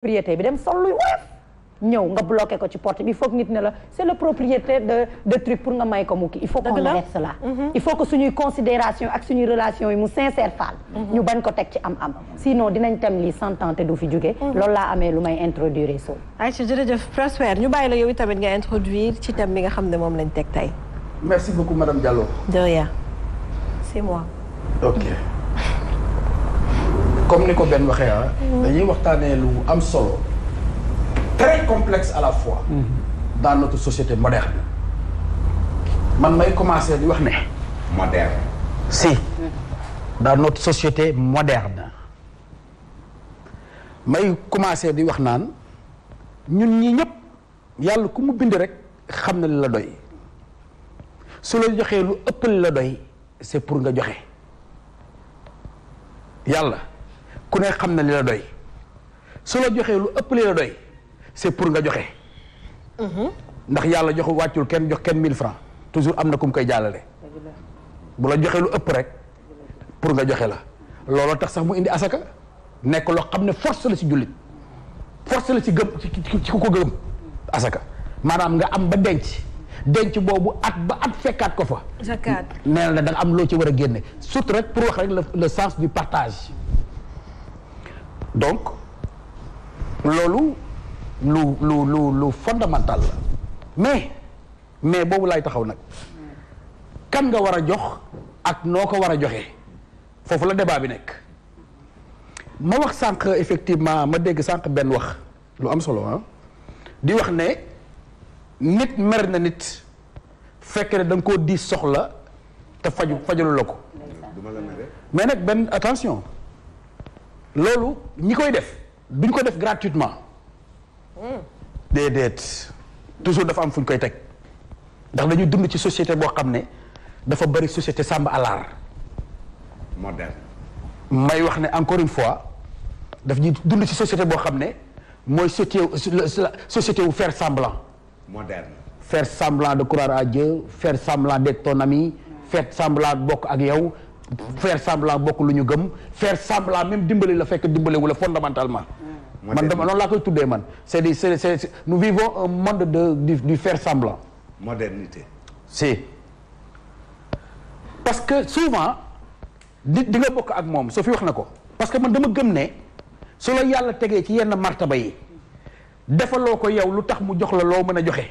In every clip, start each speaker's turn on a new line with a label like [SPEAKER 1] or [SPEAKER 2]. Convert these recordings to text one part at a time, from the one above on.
[SPEAKER 1] propriété bi dem sol luy woyof ñëw nga bloqué ko ci porte bi il faut que nit ne la c'est le propriété de de pour nga may ko mu kii il faut qu'on arrête cela mm-hmm. il faut considération ak suñuy relation yi mu sincère faal mm-hmm. ñu bañ ko teg ci am-am sinon dinañ tam lii santan te du fi jóge mm-hmm. loolu laa amee lu may introduire soo Aïcha jërëjëf Prosper ñu bàyyi la yow tamit nga introduire ci thème bi nga xam ne moom lañ teg tey
[SPEAKER 2] merci beaucoup madame Diallo
[SPEAKER 1] de rien c'est moi
[SPEAKER 2] comme ni ko benn waxee ah. Mm-hmm. dañuy waxtaanee lu am solo. très complexe à la fois.
[SPEAKER 3] Mm-hmm.
[SPEAKER 2] dans notre société moderne. man may commencer di wax ne. moderne. si. Mm-hmm. dans notre société moderne. may commencer di wax naan ñun ñi ñëpp yàlla ku mu bind rek xam na li la doy. su la joxee lu ëpp la doy c'est pour nga joxe yàlla. ku ne xam na li la doy su la joxee lu ëpp li la doy c'est pour nga joxe. Mm-hmm. ndax yàlla jox wàccul kenn jox kenn 1000 francs toujours am na ku mu koy jàllale. bu la joxee lu ëpp rek pour nga joxe la looloo tax sax mu indi asaka nekk loo xam ne force la ci jullit force la ci gëm ci ku ko gëm asaka maanaam nga am ba denc denc boobu at ba at fekkaat ko fa. nee na da am loo ci war a génne surtout rek pour wax rek le sens du partage. donc loolu lu lu lu lu fondamental la mais mais boobu laay taxaw nag kan nga war a jox ak noo ko war a joxe foofu la débat bi nekk ma wax sànq effectivement ma dégg sànq benn wax lu am solo ah di wax ne nit mer na nit fekk ne da nga koo soxla te faju fajalu la ko mais nag benn attention loolu ñi koy def duñ ko def gratuitement. Hmm. déedéet toujours dafa am fu ñu koy teg ndax dañuy dund ci société boo xam ne dafa bëri société sàmb àllar. moderne. may wax ne encore une fois daf ñuy dund ci société boo xam ne mooy société wu faire semblant. moderne. faire semblant de croire à Dieu faire semblant d'être ton ami faire semblant bokk ak yow. faire semblant bokk lu ñu gëm faire semblant même dimbali la fekk dimbali wu la fondamentalement man dama noonu laa koy tuddee man c'est di c'est c'est nous vivons un monde de du, du faire semblant
[SPEAKER 3] modernité
[SPEAKER 2] si parce que souvent di di nga bokk ak moom soo fi wax na ko parce que man dama gëm ne su la yàlla tegee ci yenn martaba yi defaloo ko yow lu tax mu jox la loo mën a joxe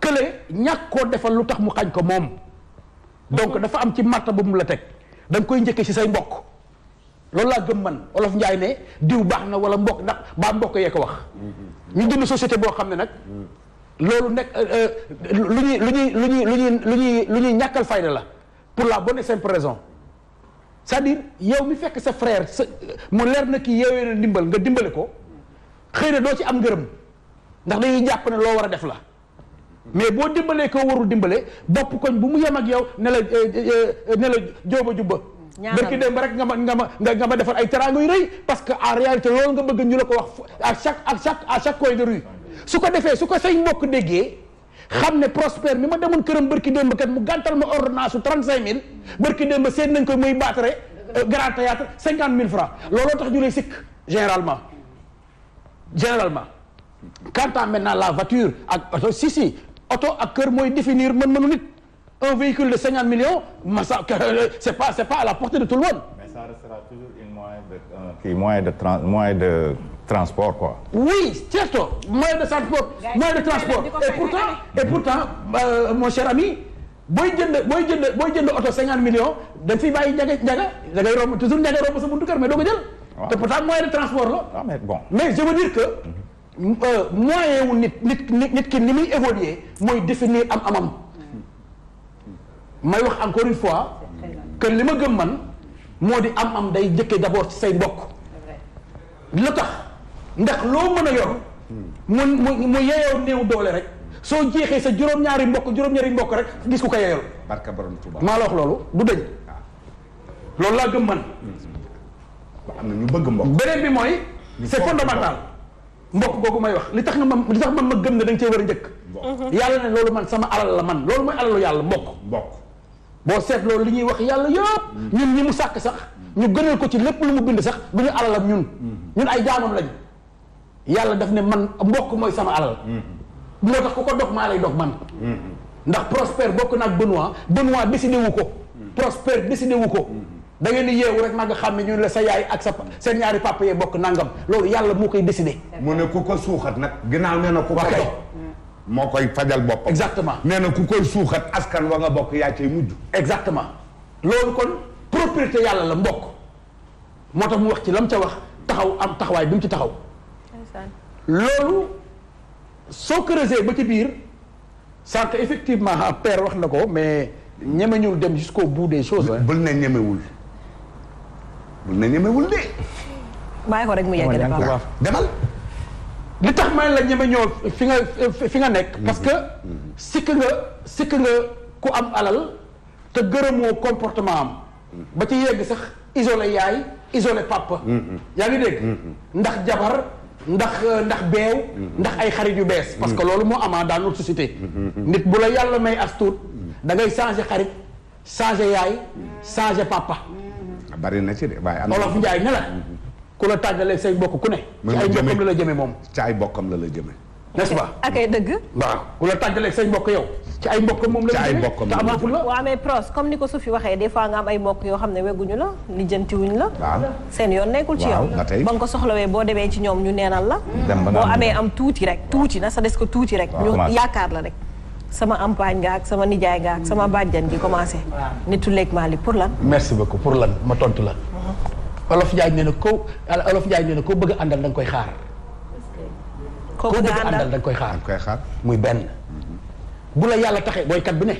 [SPEAKER 2] kële ñàkk koo defal lu tax mu xañ ko moom donc dafa am ci marta bu mu la teg da koy njëkkee si say mbokk loolu laa gëm man olof njaay ne diw baax na wala mbokk ndax baa mbokk yee ko wax ñu dund société boo xam ne nag loolu nekk euh, euh, lu ñuy lu ñuy lu ñuy lu ñuy lu ñuy lu ñuy ñàkkal fayda la pour la bonne et simple raison c'est-à-dire yow mi fekk sa frère sa mu leer na kii yeewee na ndimbal nga dimbale ko xëy na doo ci am ngërëm ndax dañuy jàpp ne loo war a def la mais boo dimbalee ko warul dimbale bopp koñ bu mu yem ak yow ne la eh, eh, eh, ne la jóoba jubba bërki dem ba rek nga ma nga ma nga ma defar ay teraanga rëy parce que en réalité loolu nga bëgg ñu ko wax à chaque à chaque chaque coin de rue su ko defee su ko say mbokk déggee xam ne prospère mi ma dem demoon këram bërki dem ba kat mu gàntal ma ordonnance su trente cinq mille bërki dem ba seet nañ ko muy baatare euh, grand théâtre cinquante mille francs looloo tax ñu lay sikk généralement généralement quant à la voiture ak si si oto ak kër mooy définir mën-mënu nit un véhicule de cinquante millions euh, c'est pas à la portée de tout le monde.
[SPEAKER 3] mais ça de kii euh, moyen de transport quoi.
[SPEAKER 2] oui certo moyen de transport moyen de transport et pourtant et pourtant euh, mon cher ami. booy jënd booy jënd booy jënd oto cinquante millions dañ fiy bàyyi njaga njaga da ngay romb toujours njaga mais doo ko jël. te de transport la. mais je veux dire que. Mm-hmm. Euh, moyen wu nit nit nit ki ni muy évoluer mooy définir am amam may wax encore une fois que li ma gëm man moo di am am day jëkkee d'abord ci say mbokk lu tax ndax loo mën a yor mu mu mu yeyoo néew doole rek soo jeexee sa juróom-ñaari mbokk juróom-ñaari mbokk rek gis ku ko yeyool
[SPEAKER 3] barka borom Tuuba
[SPEAKER 2] maa la wax loolu du dëñ ah. loolu laa gëm man na ñu bëgg mbokk beneen bi mooy c'est daal mbokk googu may wax li tax nga man li man ma gëm ne da nga cee war a njëkk yàlla ne loolu man sama alal la man loolu mooy alalu yàlla mbokk mbokk boo seet loolu li ñuy wax yàlla yëpp mm. ñun ñi mu sàkk sax ñu gënal ko ci lépp lu mu bind sax du ñu alalam ñun mm. ñun ay jaamam lañ yàlla daf ne man mbokk mooy sama alal mm. moo tax ku ko dog maa lay dog man ndax Prospère bokk naag Benoît Benoît décidé wu ko Prospère décidé wu ko da ngeen di yeewu rek nag xam ne ñun la sa yaay ak sa seen ñaari papa yee bokk nangam loolu yàlla moo koy décidé. mu ne ku ko suuxat nag. ginnaaw nee na ku ko jox moo koy fajal boppam. exactement nee na ku koy suuxat askan wa nga bokk yaa cay mujj. exactement loolu kon propriété yàlla la mbokk moo tax mu wax ci lam ca wax taxaw am taxawaay bi mu ci taxaw. loolu soo creusé ba ci biir sànq effectivement per wax na ko mais ñemeñul dem jusqu'au bout des choses. bul ne ñemewul. bul ne ñemewul de.
[SPEAKER 1] bàyyi ko rek mu yegg
[SPEAKER 2] demal. li tax may la ñeme ñoo fi nga fi nga nekk. parce que sikk nga sikk nga ku am alal te gërëmoo comportement am. ba ci yegg sax isolé yaay isolé papa. yaa ngi dégg. ndax jabar ndax ndax beew. ndax ay xarit yu bees. parce que loolu moo amaa dans notre société. nit bu la yàlla may as tuut da ngay changé xarit changé yaay changé papa.
[SPEAKER 3] bari na ci de waaye olof
[SPEAKER 2] Njaay ne ku la tàggalee say mbokk ku ne ci ay mbokkam la la jëme moom ci ay mbokkam la la jëme n'est-ce pas ak ay dëgg waaw ku la tàggalee say mbokk yow ci ay mbokkam moom la ci ay mbokkam te amaatul
[SPEAKER 1] la comme ni ko Sophie waxee des fois nga am ay mbokk yoo xam ne wegguñu la lijjantiwuñ la waaw seen yoon nekkul ci yow ba nga ko soxlawee boo demee ci ñoom ñu neenal la boo amee am tuuti rek tuuti na sa des ko tuuti rek ñu yaakaar la rek sama ampaañ nga ak sama nijaay nga ak sama bàjjan gi commencé. nitu léeg maa li pour lan.
[SPEAKER 2] merci beaucoup pour lan ma tontu la.
[SPEAKER 1] olof Ndiaye nee na ko olof Ndiaye nee na koo bëgg a àndal da koy xaar.
[SPEAKER 2] koo bëgg a àndal koy xaar. da nga muy benn. bu la yàlla taxee booy kat bi ne.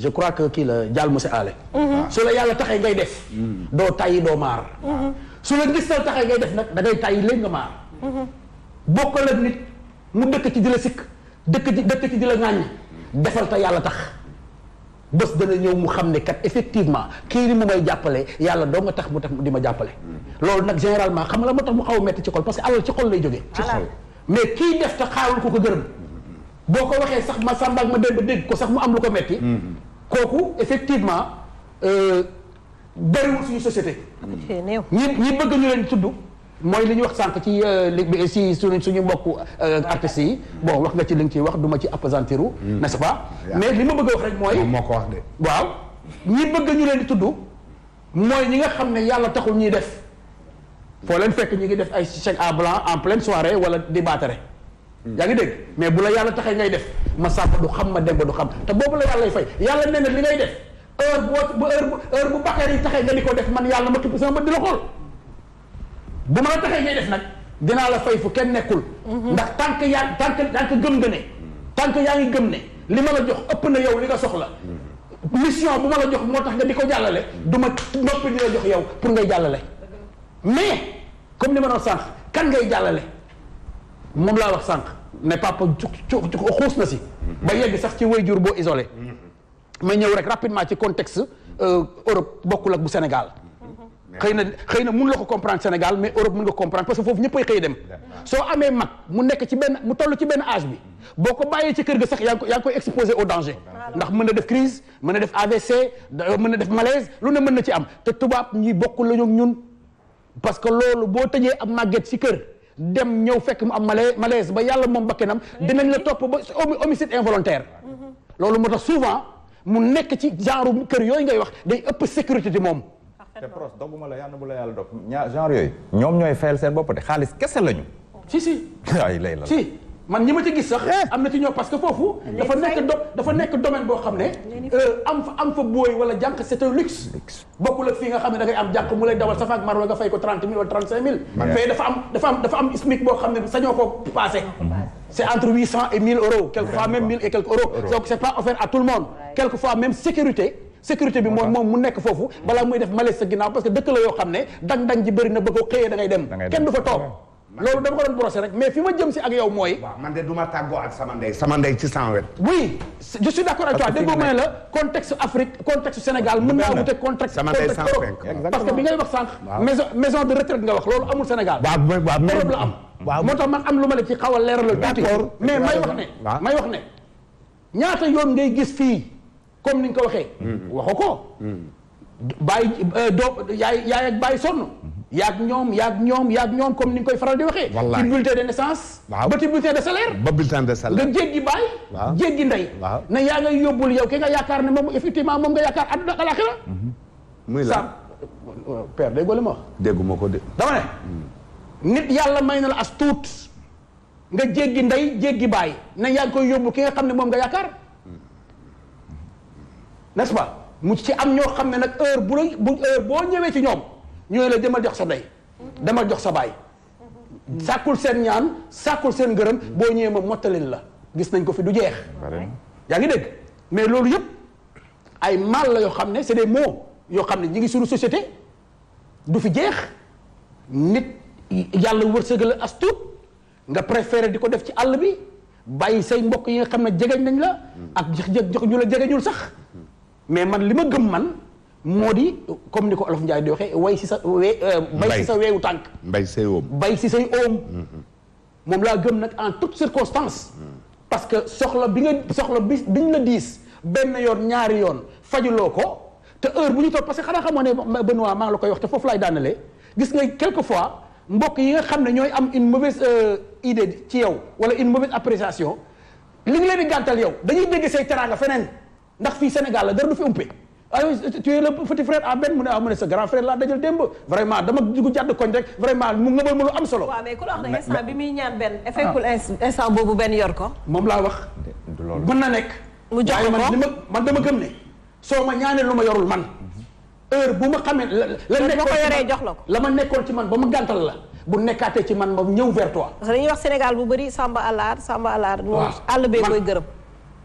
[SPEAKER 2] je crois que kii la jaal monsieur Allé. Mhm. su la yàlla taxee ngay def. Mhm. doo tàyyi doo maar. Mhm. su la ngistal taxee ngay def nag da ngay tàyyi léegi nga maar. bokkal ak nit mu dëkk ci di sikk. dëkk ci dëkk ci di la ŋàññ defal yàlla tax bés dana ñëw mu xam ne kat effectivement kii ni mu may jàppale yàlla doo nga tax mu tax di ma jàppale loolu nag généralement xam la moo tax mu xaw a metti ci xol parce que alal ci xol lay jógee mais kii def te xaarul ko ko gërëm boo ko waxee sax ma sàmbaag ma démb dégg ko sax mu am lu ko metti kooku effectivement euh, bariwul suñu société
[SPEAKER 1] ñi ñi bëgg ñu
[SPEAKER 2] leen tudd mooy li ñu wax sànq ci euh, si suñu suñu mbokku euh, artistes yi bon wax nga ci li nga ciy wax du ma ci appesantiru hmm. n'est-ce pas mais li ma bëgg a wax rek mooy moo ko wax de waaw ñi bëgg ñu leen di tudd mooy ñi nga xam ne yàlla taxul ñuy def foo leen fekk ñu ngi def ay chèque à blanc en pleine soirée wala di baatare hmm. yaa ngi dégg mais bu la yàlla taxee ngay def ma sàmba du xam ma demba du xam te boobu la yàlla lay fay yàlla nee na li ngay def heure bu heure bu heure bu bàkkaar yi taxee nga di ko def man yàlla ma képp sama bët di la bu ma la taxee ngay def nag dinaa la fay fu kenn nekkul. Mhm. ndax tànk yaa tànk tànk gëm nga ne. tànk yaa ngi gëm ne li ma la jox ëpp na yow li nga soxla. Mhm. mission bu ma la jox moo tax nga di ko jàllale. du ma noppi di la jox yow pour ngay jàllale. mais comme li ma doon sànq kan ngay jàllale moom laa wax sànq ne papa xuus na si. Mhm. ba yegg sax ci jur boo isolé. ma ñëw rek rapidement ci contexte euh, Europe bokkul ak bu Sénégal. xëy na xëy na mun la ko comprendre Sénégal mais Europe mun nga comprendre parce que foofu ñëppay xëy dem soo amee mag mu nekk ci benn mu toll ci benn âge bi boo ko bàyyee ci kër ga sax yaa ngi ko yaa ngi koy exposé au danger ndax mën na def crise mën na def AVC mën na def malaise lu ne mën na ci am te tubaab ñi bokkul la ñun parce que loolu boo tëjee am màgget ci kër dem ñëw fekk mu am malaise malaise ba yàlla moom bakkanam dinañ la topp ba homicide involontaire mhm. loolu moo tax souvent mu nekk ci genre kër yooyu ngay wax day ëpp sécurité di
[SPEAKER 3] te proche doguma la yàlla bu la yàlla dog ñaar genre yooyu ñoom ñooy fayal seen bopp de xaalis kese lañu oh. si si man ñi ma ci gis sax eh. am na ci ñoo parce que foofu dafa nekk
[SPEAKER 2] do nekk domaine boo xam ne euh, am fa booy wala jànq c'est luxe bokkul ak fii nga xam ne da am jànq mu lay dawal safaak marwa nga fay ko trente mille wala trente cinq mille mais dafa am SMIC boo xam ne sañoo ko passé c'est entre huit cent et mille euros quelquefois même mille et quelques euros donc pas offert à tout le monde quelquefois sécurité bi mooy moom mu nekk foofu balaa muy def malaise sa ginnaaw parce que dëkk la yoo xam ne dang-dang ji bëri na ba ko xëyee da ngay dem kenn du fa toog ah. loolu dama ko doon brosser rek mais fi ma jëm si ak yow mooy waaw man de du ma tàggoo ak sama ndey sama
[SPEAKER 3] ndey ci sama wet
[SPEAKER 2] oui je suis d'accord ak toi déggoo ma ne la contexte Afrique contexte Sénégal mën naa wute contexte contexte Europe parce que bi ngay wax sànq maison de retraite nga wax loolu amul Sénégal Europe la am waaw man am lu ma la ci xaw a leeralal tuuti mais yoon ngay gis fii comme ni nga ko waxee. Mm-hmm. waxu ko. Mm-hmm. bàyyi euh, doo yaay yaay ak baay sonn. Mm-hmm. yaag ñoom yaag ñoom yaag ñoom comme ni nga koy faral di waxee. ci bulletin de naissance. waaw ba ci bulletin de salaire. ba bulletin de salaire nga jéggi baay. waaw ndey. na yaa ngay yóbbul yow ki nga yaakaar ne moom effectivement moom nga yaakaar àdduna ak alaxira. muy la père déggoo li ma dégguma ko de. dama ne. Mm. nit yàlla may na la as tuut. nga jéggi ndey jéggi baay na yaa ngi koy yóbbu ki nga xam ne moom nga yaakaar. n'est-ce pas mu ci am ñoo xam ne nag heure bu la bu heure boo ñëwee ci ñoom ñooy la demal jox sa ndey demal jox sa baay sàkkul seen ñaan sàkkul seen gërëm boo ñëwee ma mottalin la gis nañ ko fi du jeex yaa ngi dégg mais loolu yëpp ay mal la yoo xam ne c'est des yoo xam ne ñu ngi suñu société du fi jeex nit yàlla wërsëgal as tuut nga préféré di ko def ci àll bi bàyyi say mbokk yi nga xam ne jegeñ nañ la ak jox jox ñu la jegeñul sax mais man li ma gëm man moo di comme ni ko olof Ndiaye di waxee way si sa we euh, bay si sa weewu tànk bay say oom bay si say oom mm-hmm. moom laa gëm nag en toute circonstance mm-hmm. parce que soxla bi nga soxla bi biñ la diis benn yoon ñaari yoon fajuloo ko te heure bu ñu toog parce que xanaa xamoo ne Benoît maa ngi la koy wax te foofu lay daanalee gis nga quelque fois mbokk yi nga xam ne ñooy am une mauvaise euh, idée ci yow wala une mauvaise appréciation li ngi leen di gàntal yow dañuy dégg say teraanga feneen ndax fii Sénégal la dara du fi umpe ay tu es le petit benn mu ne ah mu ne sa grand frère laa dajal démb vraiment dama dugg jàdd koñ rek vraiment mu ngëbal ma lu am solo. waaw mais ku la wax
[SPEAKER 1] ne
[SPEAKER 2] ah. instant boobu benn ko. moom laa wax. du loolu na nekk. mu jox ko man man dama gëm ne. soo ma ñaanee lu ma yorul man. heure bu ma xamee la
[SPEAKER 1] la nekkoon ko yoree jox la ko. la ma nekkoon ci man ba ma gàntal la. bu nekkaatee ci man ma ñëw vers toi. parce que dañuy wax Sénégal bu bëri Samba Allaar Samba Allaar. waaw àll bee koy gërëm.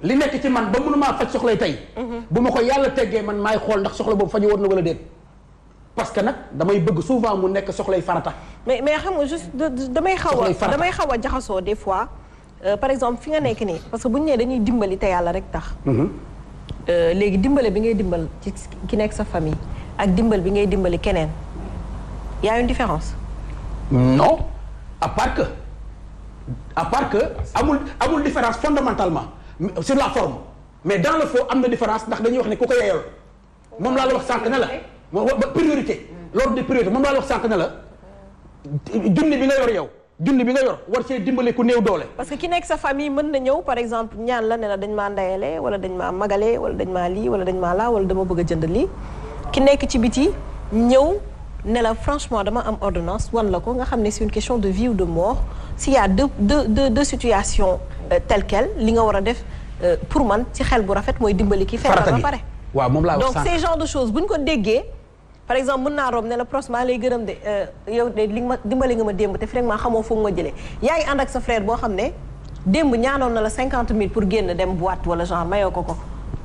[SPEAKER 1] li nekk ci man
[SPEAKER 2] ba mënumaa faj soxlay tey
[SPEAKER 1] mhm.
[SPEAKER 3] bu
[SPEAKER 2] ma ko yàlla teggee man maay xool ndax soxla boobu faju woon na wala déet parce que nag damay bëgg souvent mu nekk soxlay farata
[SPEAKER 1] mais mais xam nga juste damay xaw a damay xaw a jaxasoo des fois euh, par exemple fi nga nekk nii parce que bu ñu nee dañuy dimbali te yàlla rek tax mhm. euh, léegi dimbale bi ngay dimbal ci ki nekk sa famille ak dimbal bi ngay dimbali keneen yaa a une différence non à part que
[SPEAKER 2] à que amul amul différence fondamentalement sur la forme mais dans le fond am na différence ndax dañuy wax ne ku ko yeeyal moom laa la wax sànq ne la moom priorité l'ordre de priorité moom laa la wax sànq ne la junni bi nga yor yow junni bi nga yor
[SPEAKER 1] war see dimbale ku néew doole parce que ki nekk sa famille mën na ñëw par exemple ñaan la ne la dañ maa ndayale wala dañ maa magale wala dañ maa lii wala dañ maa laa wala dama bëgg a jënd lii ki nekk ci biti ñëw ne la franchement dama am ordonnance wan la ko nga xam ne c'est une question de vie ou de mort s'il y Euh, tel quel li nga war a def euh, pour man ci xel bu rafet mooy dimbali ki feebar ba pare
[SPEAKER 2] waaw moom laa wax donc
[SPEAKER 1] ces ko déggee par exemple naa room ne la prosement lay gërëm de euh, yow de li nga ma dimbali nga ma démb te vraiment xamoo foog nga jëlee yaa ngi ànd ak sa frère boo xam ne démb ñaanoon na la cinquante mille pour génn dem boîte wala genre mayoo ko ko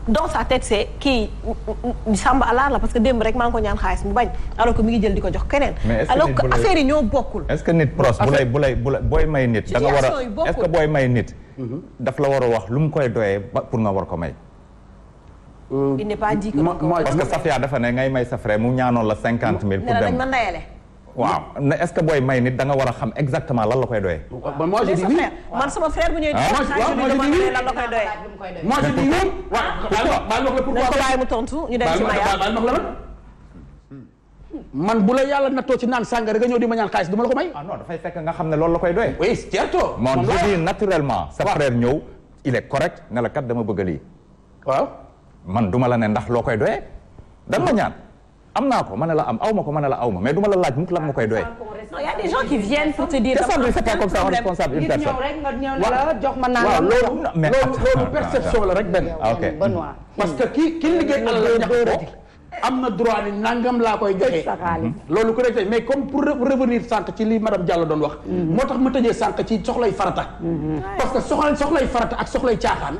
[SPEAKER 1] dans sa tête c'est kii mm, mm, sàmba alaar la parce que démb rek maa ngi ko ñaan xaalis mu bañ alors que mi ngi jël di ko jox keneen alors que affaire yi ñoo bokkul
[SPEAKER 3] est que nit pros bu a est-ce que booy daf la war wax lu mu koy doyee ba pour nga war ko may. il n'est pas dit que parce que Safia dafa ne ngay may sa frère mu ñaanoon la cinquante mille. pour dem waaw ne est-ce que booy may nit da war a xam exactement lan la koy doyee.
[SPEAKER 2] man moi je dis oui
[SPEAKER 1] man sama frère bu ñuy doyee. lan la koy doyee. moi je dis oui. waaw baal la pourquoi. nañ ko
[SPEAKER 2] man bu la yàlla nattoo ci naan sàngara nga ñëw di ma ñaan xaalis du ma la ko may. ah nga xam ne loolu la koy doy. oui certo.
[SPEAKER 3] moom je il est correct ne la kat dama bëgg lii. man du la ne ndax loo ko doyee. da nga ma ñaan am naa ko ma ne la am aw ma ko ma ne la aw ma mais du la laaj mukk lan ma koy doyee.
[SPEAKER 1] non y a des gens qui viennent pour te dire. personne ne fait pas comme ça responsable une personne. waaw jox ma naan waaw loolu.
[SPEAKER 3] mais loolu la rek benn. Ah, ok
[SPEAKER 2] parce que ki ki la ñax am na droit ni nangam laa koy joxe mhm. loolu ku nekk tey mais comme pour revenir sànq ci li madame Diallo doon wax mhm. moo tax ma tëjee sànq ci soxlay farata mhm. parce que soxla soxlay farata ak soxlay caaxaan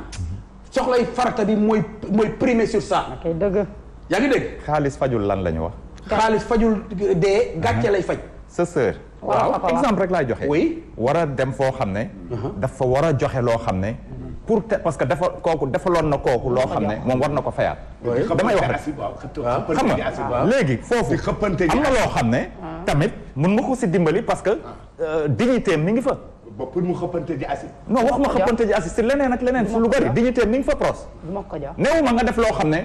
[SPEAKER 2] soxlay farata
[SPEAKER 3] bi mooy mooy primé sur ça dëgg yaa ngi dégg xaalis fajul lan la ñu wax xaalis fajul dee gàcce lay faj sa sœur waaw exemple rek laay joxe oui war a dem foo xam ne dafa war a joxe loo xam ne pour te parce que dafa kooku defaloon na kooku loo xam ne moom war na ko fayaat damay wax
[SPEAKER 2] rek xam nga
[SPEAKER 3] léegi foofu am na loo xam ne ah. tamit mun nga ko si dimbali parce que ah. euh, dignité mi ngi fa ba pour mu xëppante ji assi non wax ma xëppante ji assi si leneen ak leneen fu lu bari dignité mi ma nga def loo xam ne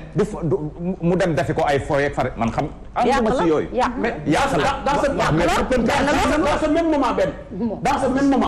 [SPEAKER 3] mu dem defi ko ay fooy ak fare man xam anduma si yooyu yàq la dans ce même
[SPEAKER 2] moment benn dans ce même moment